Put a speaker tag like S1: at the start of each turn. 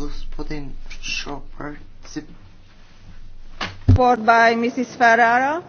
S1: господин Шопър.
S2: By мисис Ferrara.